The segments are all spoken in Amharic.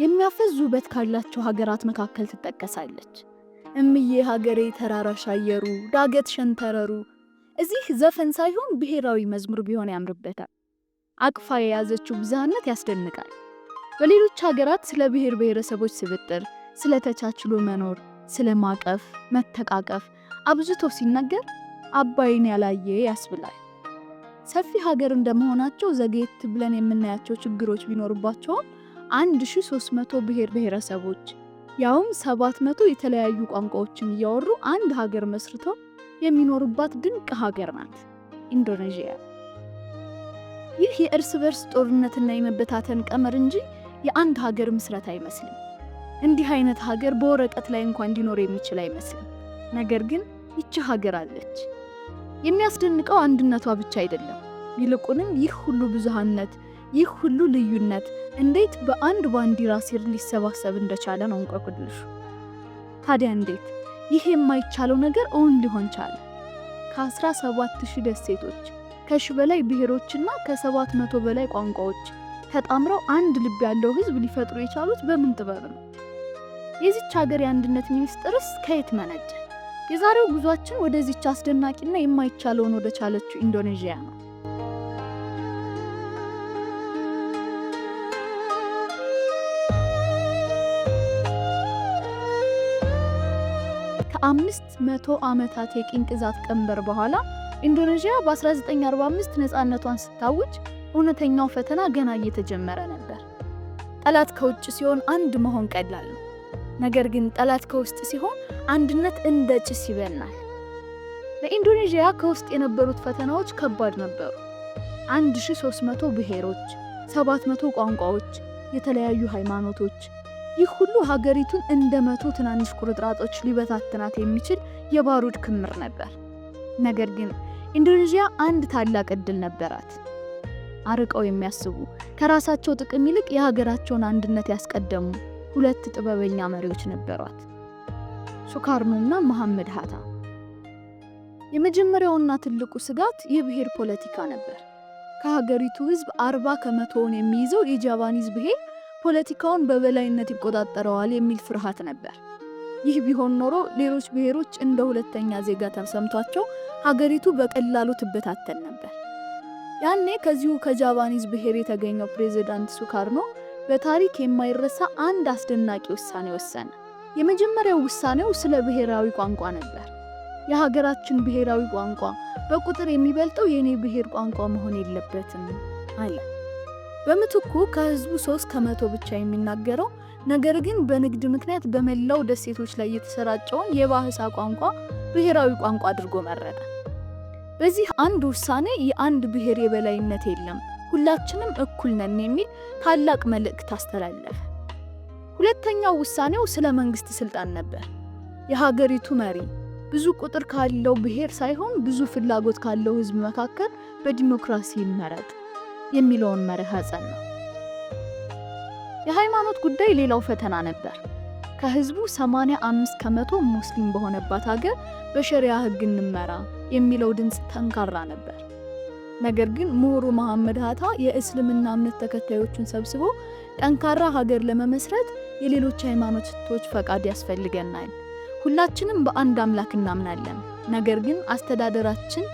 የሚያፈዝ ውበት ካላቸው ሀገራት መካከል ትጠቀሳለች። እምዬ ሀገሬ ተራራሽ አየሩ ዳገት ሸንተረሩ እዚህ ዘፈን ሳይሆን ብሔራዊ መዝሙር ቢሆን ያምርበታል። አቅፋ የያዘችው ብዝሃነት ያስደንቃል። በሌሎች ሀገራት ስለ ብሔር ብሔረሰቦች ስብጥር፣ ስለ ተቻችሎ መኖር፣ ስለ ማቀፍ መተቃቀፍ አብዝቶ ሲነገር አባይን ያላየ ያስብላል። ሰፊ ሀገር እንደመሆናቸው ዘግየት ብለን የምናያቸው ችግሮች ቢኖርባቸውም 1300 ብሔር ብሔረሰቦች ያውም 700 የተለያዩ ቋንቋዎችን እያወሩ አንድ ሀገር መስርተው የሚኖሩባት ድንቅ ሀገር ናት ኢንዶኔዥያ። ይህ የእርስ በርስ ጦርነትና የመበታተን ቀመር እንጂ የአንድ ሀገር ምስረት አይመስልም። እንዲህ አይነት ሀገር በወረቀት ላይ እንኳን እንዲኖር የሚችል አይመስልም። ነገር ግን ይቺ ሀገር አለች። የሚያስደንቀው አንድነቷ ብቻ አይደለም፣ ይልቁንም ይህ ሁሉ ብዙሃነት ይህ ሁሉ ልዩነት እንዴት በአንድ ባንዲራ ስር ሊሰባሰብ እንደቻለ ነው እንቆቅልሹ። ታዲያ እንዴት ይህ የማይቻለው ነገር እውን ሊሆን ቻለ? ከ17,000 ደሴቶች፣ ከሺ በላይ ብሔሮችና ከ700 በላይ ቋንቋዎች ተጣምረው አንድ ልብ ያለው ህዝብ ሊፈጥሩ የቻሉት በምን ጥበብ ነው? የዚች ሀገር የአንድነት ሚኒስጥርስ ከየት መነጨ? የዛሬው ጉዟችን ወደዚች አስደናቂና የማይቻለውን ወደ ቻለችው ኢንዶኔዥያ ነው። ከአምስት መቶ ዓመታት የቅኝ ግዛት ቀንበር በኋላ ኢንዶኔዥያ በ1945 ነፃነቷን ስታውጅ እውነተኛው ፈተና ገና እየተጀመረ ነበር። ጠላት ከውጭ ሲሆን አንድ መሆን ቀላል ነው። ነገር ግን ጠላት ከውስጥ ሲሆን አንድነት እንደ ጭስ ይበናል። ለኢንዶኔዥያ ከውስጥ የነበሩት ፈተናዎች ከባድ ነበሩ። 1300 ብሔሮች፣ 700 ቋንቋዎች፣ የተለያዩ ሃይማኖቶች ይህ ሁሉ ሀገሪቱን እንደ መቶ ትናንሽ ቁርጥራጮች ሊበታትናት የሚችል የባሩድ ክምር ነበር። ነገር ግን ኢንዶኔዥያ አንድ ታላቅ እድል ነበራት። አርቀው የሚያስቡ ከራሳቸው ጥቅም ይልቅ የሀገራቸውን አንድነት ያስቀደሙ ሁለት ጥበበኛ መሪዎች ነበሯት፣ ሱካርኖና መሐመድ ሀታ የመጀመሪያውና ትልቁ ስጋት የብሔር ፖለቲካ ነበር። ከሀገሪቱ ህዝብ አርባ ከመቶውን የሚይዘው የጃፓኒዝ ብሔር ፖለቲካውን በበላይነት ይቆጣጠረዋል የሚል ፍርሃት ነበር። ይህ ቢሆን ኖሮ ሌሎች ብሔሮች እንደ ሁለተኛ ዜጋ ተሰምቷቸው ሀገሪቱ በቀላሉ ትበታተን ነበር። ያኔ ከዚሁ ከጃፓኒዝ ብሔር የተገኘው ፕሬዚዳንት ሱካርኖ በታሪክ የማይረሳ አንድ አስደናቂ ውሳኔ ወሰነ። የመጀመሪያው ውሳኔው ስለ ብሔራዊ ቋንቋ ነበር። የሀገራችን ብሔራዊ ቋንቋ በቁጥር የሚበልጠው የእኔ ብሔር ቋንቋ መሆን የለበትም አለ። በምትኩ ከህዝቡ ሶስት ከመቶ ብቻ የሚናገረው ነገር ግን በንግድ ምክንያት በመላው ደሴቶች ላይ የተሰራጨውን የባህሳ ቋንቋ ብሔራዊ ቋንቋ አድርጎ መረጠ። በዚህ አንድ ውሳኔ የአንድ ብሔር የበላይነት የለም፣ ሁላችንም እኩል ነን የሚል ታላቅ መልእክት አስተላለፈ። ሁለተኛው ውሳኔው ስለ መንግስት ስልጣን ነበር። የሀገሪቱ መሪ ብዙ ቁጥር ካለው ብሔር ሳይሆን ብዙ ፍላጎት ካለው ህዝብ መካከል በዲሞክራሲ ይመረጥ። የሚለውን መርህ አጸና። የሃይማኖት ጉዳይ ሌላው ፈተና ነበር። ከህዝቡ 85 ከመቶ ሙስሊም በሆነባት ሀገር በሸሪያ ህግ እንመራ የሚለው ድምፅ ጠንካራ ነበር። ነገር ግን ምሁሩ መሐመድ ሀታ የእስልምና እምነት ተከታዮቹን ሰብስቦ ጠንካራ ሀገር ለመመስረት የሌሎች ሃይማኖቶች ፈቃድ ያስፈልገናል። ሁላችንም በአንድ አምላክ እናምናለን። ነገር ግን አስተዳደራችን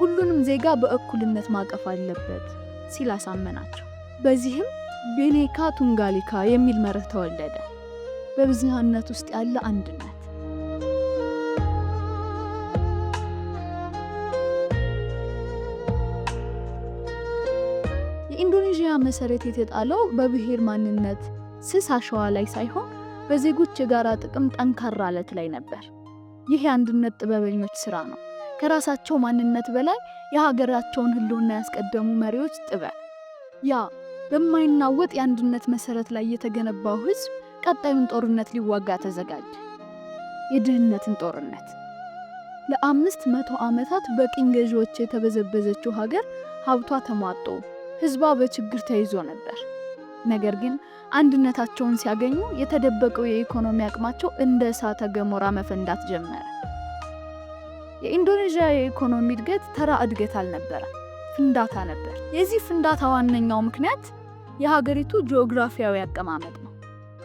ሁሉንም ዜጋ በእኩልነት ማቀፍ አለበት ሲል አሳመናቸው። በዚህም ቤሌካ ቱንጋሊካ የሚል መርህ ተወለደ። በብዝሃነት ውስጥ ያለ አንድነት። የኢንዶኔዥያ መሰረት የተጣለው በብሔር ማንነት ስስ አሸዋ ላይ ሳይሆን በዜጎች የጋራ ጥቅም ጠንካራ አለት ላይ ነበር። ይህ የአንድነት ጥበበኞች ስራ ነው። ከራሳቸው ማንነት በላይ የሀገራቸውን ህልውና ያስቀደሙ መሪዎች ጥበብ። ያ በማይናወጥ የአንድነት መሰረት ላይ የተገነባው ህዝብ ቀጣዩን ጦርነት ሊዋጋ ተዘጋጀ። የድህነትን ጦርነት። ለአምስት መቶ ዓመታት በቅኝ ገዢዎች የተበዘበዘችው ሀገር ሀብቷ ተሟጦ፣ ህዝቧ በችግር ተይዞ ነበር። ነገር ግን አንድነታቸውን ሲያገኙ የተደበቀው የኢኮኖሚ አቅማቸው እንደ እሳተ ገሞራ መፈንዳት ጀመረ። የኢንዶኔዥያ የኢኮኖሚ እድገት ተራ እድገት አልነበረ፣ ፍንዳታ ነበር። የዚህ ፍንዳታ ዋነኛው ምክንያት የሀገሪቱ ጂኦግራፊያዊ አቀማመጥ ነው።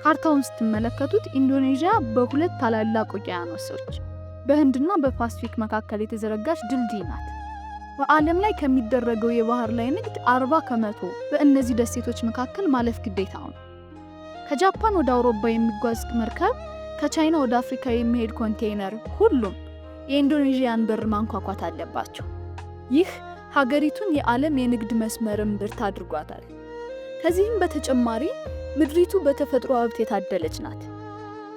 ካርታውን ስትመለከቱት ኢንዶኔዥያ በሁለት ታላላቅ ውቅያኖሶች በህንድና በፓስፊክ መካከል የተዘረጋች ድልድይ ናት። በዓለም ላይ ከሚደረገው የባህር ላይ ንግድ 40 ከመቶ በእነዚህ ደሴቶች መካከል ማለፍ ግዴታው ነው። ከጃፓን ወደ አውሮፓ የሚጓዝ መርከብ፣ ከቻይና ወደ አፍሪካ የሚሄድ ኮንቴይነር፣ ሁሉም የኢንዶኔዥያን በር ማንኳኳት አለባቸው። ይህ ሀገሪቱን የዓለም የንግድ መስመርን ብርት አድርጓታል። ከዚህም በተጨማሪ ምድሪቱ በተፈጥሮ ሀብት የታደለች ናት።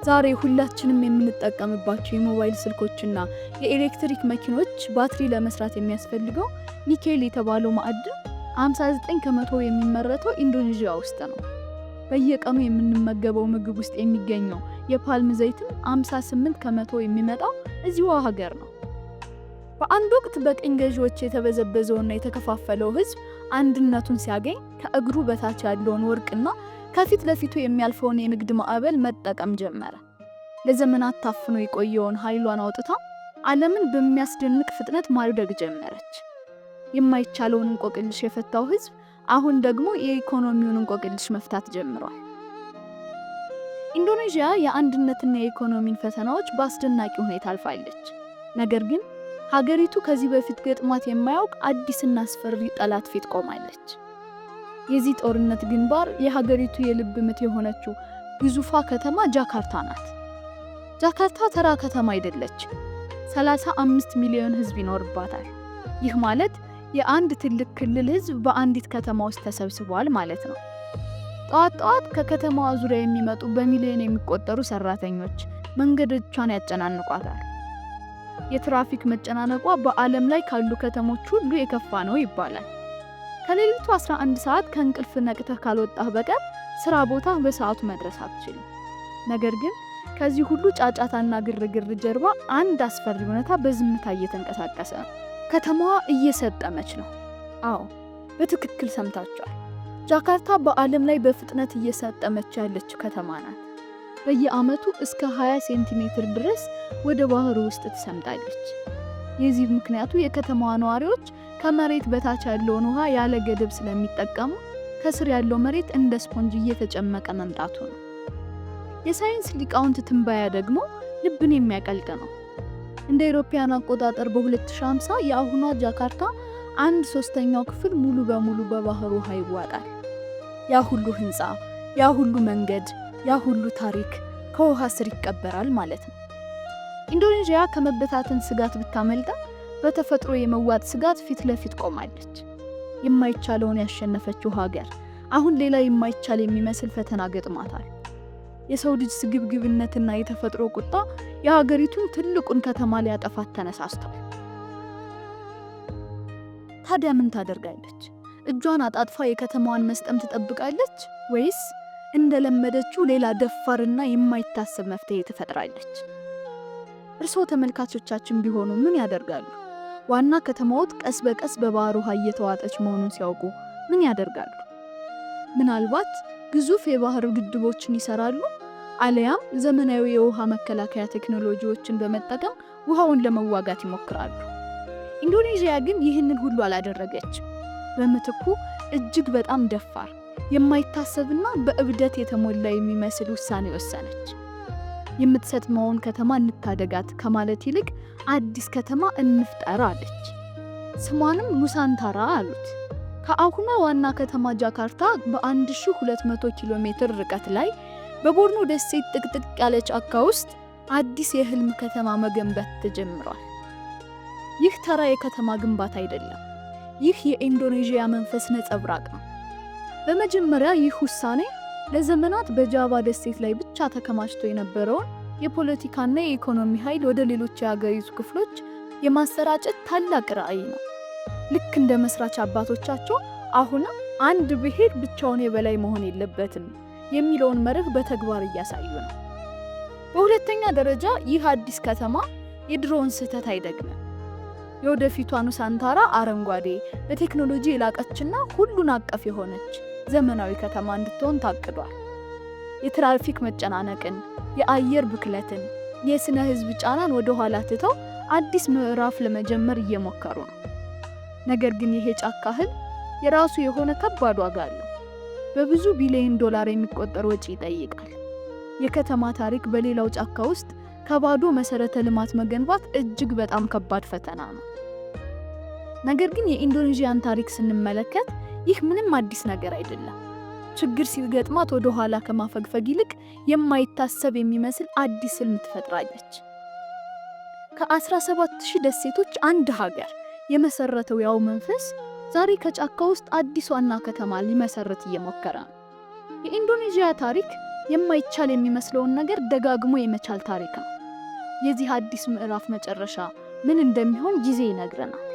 ዛሬ ሁላችንም የምንጠቀምባቸው የሞባይል ስልኮችና የኤሌክትሪክ መኪኖች ባትሪ ለመስራት የሚያስፈልገው ኒኬል የተባለው ማዕድን 59 ከመቶ የሚመረተው ኢንዶኔዥያ ውስጥ ነው። በየቀኑ የምንመገበው ምግብ ውስጥ የሚገኘው የፓልም ዘይትም 58 ከመቶ የሚመጣው እዚሁ ሀገር ነው። በአንድ ወቅት በቅኝ ገዢዎች የተበዘበዘውና የተከፋፈለው ህዝብ አንድነቱን ሲያገኝ ከእግሩ በታች ያለውን ወርቅና ከፊት ለፊቱ የሚያልፈውን የንግድ ማዕበል መጠቀም ጀመረ። ለዘመናት ታፍኖ የቆየውን ኃይሏን አውጥታ ዓለምን በሚያስደንቅ ፍጥነት ማድረግ ጀመረች። የማይቻለውን እንቆቅልሽ የፈታው ህዝብ አሁን ደግሞ የኢኮኖሚውን እንቆቅልሽ መፍታት ጀምሯል። ኢንዶኔዥያ የአንድነትና የኢኮኖሚን ፈተናዎች በአስደናቂ ሁኔታ አልፋለች። ነገር ግን ሀገሪቱ ከዚህ በፊት ገጥሟት የማያውቅ አዲስና አስፈሪ ጠላት ፊት ቆማለች። የዚህ ጦርነት ግንባር የሀገሪቱ የልብ ምት የሆነችው ግዙፏ ከተማ ጃካርታ ናት። ጃካርታ ተራ ከተማ አይደለች። 35 ሚሊዮን ህዝብ ይኖርባታል። ይህ ማለት የአንድ ትልቅ ክልል ህዝብ በአንዲት ከተማ ውስጥ ተሰብስቧል ማለት ነው። ጠዋት ጠዋት ከከተማዋ ዙሪያ የሚመጡ በሚሊዮን የሚቆጠሩ ሰራተኞች መንገዶቿን ያጨናንቋታል። የትራፊክ መጨናነቋ በዓለም ላይ ካሉ ከተሞች ሁሉ የከፋ ነው ይባላል። ከሌሊቱ 11 ሰዓት ከእንቅልፍ ነቅተህ ካልወጣህ በቀር ስራ ቦታ በሰዓቱ መድረስ አትችልም። ነገር ግን ከዚህ ሁሉ ጫጫታና ግርግር ጀርባ አንድ አስፈሪ እውነታ በዝምታ እየተንቀሳቀሰ ነው። ከተማዋ እየሰጠመች ነው። አዎ፣ በትክክል ሰምታችኋል። ጃካርታ በዓለም ላይ በፍጥነት እየሰጠመች ያለች ከተማ ናት። በየዓመቱ እስከ 20 ሴንቲሜትር ድረስ ወደ ባህሩ ውስጥ ትሰምጣለች። የዚህ ምክንያቱ የከተማዋ ነዋሪዎች ከመሬት በታች ያለውን ውሃ ያለ ገደብ ስለሚጠቀሙ ከስር ያለው መሬት እንደ ስፖንጅ እየተጨመቀ መምጣቱ ነው። የሳይንስ ሊቃውንት ትንበያ ደግሞ ልብን የሚያቀልጥ ነው። እንደ አውሮፓውያን አቆጣጠር በ2050 የአሁኗ ጃካርታ አንድ ሶስተኛው ክፍል ሙሉ በሙሉ በባህር ውሃ ይዋጣል። ያ ሁሉ ህንፃ፣ ያ ሁሉ መንገድ፣ ያ ሁሉ ታሪክ ከውሃ ስር ይቀበራል ማለት ነው። ኢንዶኔዥያ ከመበታተን ስጋት ብታመልጣ በተፈጥሮ የመዋጥ ስጋት ፊት ለፊት ቆማለች። የማይቻለውን ያሸነፈችው ሀገር አሁን ሌላ የማይቻል የሚመስል ፈተና ገጥሟታል። የሰው ልጅ ስግብግብነትና የተፈጥሮ ቁጣ የሀገሪቱን ትልቁን ከተማ ሊያጠፋት ተነሳስቷል። ታዲያ ምን ታደርጋለች? እጇን አጣጥፋ የከተማዋን መስጠም ትጠብቃለች ወይስ እንደለመደችው ሌላ ደፋርና የማይታሰብ መፍትሄ ትፈጥራለች? እርስዎ ተመልካቾቻችን ቢሆኑ ምን ያደርጋሉ? ዋና ከተማዎት ቀስ በቀስ በባህር ውሃ እየተዋጠች መሆኑን ሲያውቁ ምን ያደርጋሉ? ምናልባት ግዙፍ የባህር ግድቦችን ይሰራሉ፣ አለያም ዘመናዊ የውሃ መከላከያ ቴክኖሎጂዎችን በመጠቀም ውሃውን ለመዋጋት ይሞክራሉ። ኢንዶኔዥያ ግን ይህንን ሁሉ አላደረገችም። በምትኩ እጅግ በጣም ደፋር የማይታሰብና በእብደት የተሞላ የሚመስል ውሳኔ ወሰነች። የምትሰጥመውን ከተማ እንታደጋት ከማለት ይልቅ አዲስ ከተማ እንፍጠር አለች። ስሟንም ኑሳንታራ አሉት። ከአሁኗ ዋና ከተማ ጃካርታ በ1200 ኪሎ ሜትር ርቀት ላይ በቦርኖ ደሴት ጥቅጥቅ ያለ ጫካ ውስጥ አዲስ የህልም ከተማ መገንባት ተጀምሯል። ይህ ተራ የከተማ ግንባታ አይደለም። ይህ የኢንዶኔዥያ መንፈስ ነጸብራቅ ነው። በመጀመሪያ ይህ ውሳኔ ለዘመናት በጃቫ ደሴት ላይ ብቻ ተከማችቶ የነበረውን የፖለቲካና የኢኮኖሚ ኃይል ወደ ሌሎች የሀገሪቱ ክፍሎች የማሰራጨት ታላቅ ራዕይ ነው። ልክ እንደ መስራች አባቶቻቸው አሁንም አንድ ብሔር ብቻውን የበላይ መሆን የለበትም የሚለውን መርህ በተግባር እያሳዩ ነው። በሁለተኛ ደረጃ ይህ አዲስ ከተማ የድሮውን ስህተት አይደግምም። የወደፊቷን ሳንታራ አረንጓዴ በቴክኖሎጂ የላቀችና ሁሉን አቀፍ የሆነች ዘመናዊ ከተማ እንድትሆን ታቅዷል። የትራፊክ መጨናነቅን፣ የአየር ብክለትን፣ የስነ ህዝብ ጫናን ወደ ኋላ ትተው አዲስ ምዕራፍ ለመጀመር እየሞከሩ ነው። ነገር ግን ይሄ ጫካ ህል የራሱ የሆነ ከባድ ዋጋ አለው። በብዙ ቢሊዮን ዶላር የሚቆጠር ወጪ ይጠይቃል። የከተማ ታሪክ በሌላው ጫካ ውስጥ ከባዶ መሰረተ ልማት መገንባት እጅግ በጣም ከባድ ፈተና ነው። ነገር ግን የኢንዶኔዥያን ታሪክ ስንመለከት ይህ ምንም አዲስ ነገር አይደለም። ችግር ሲገጥማት ወደ ኋላ ከማፈግፈግ ይልቅ የማይታሰብ የሚመስል አዲስ ህልም ትፈጥራለች። ከ17000 ደሴቶች አንድ ሀገር የመሰረተው ያው መንፈስ ዛሬ ከጫካ ውስጥ አዲስ ዋና ከተማ ሊመሰረት እየሞከረ ነው። የኢንዶኔዥያ ታሪክ የማይቻል የሚመስለውን ነገር ደጋግሞ የመቻል ታሪክ ነው። የዚህ አዲስ ምዕራፍ መጨረሻ ምን እንደሚሆን ጊዜ ይነግረናል።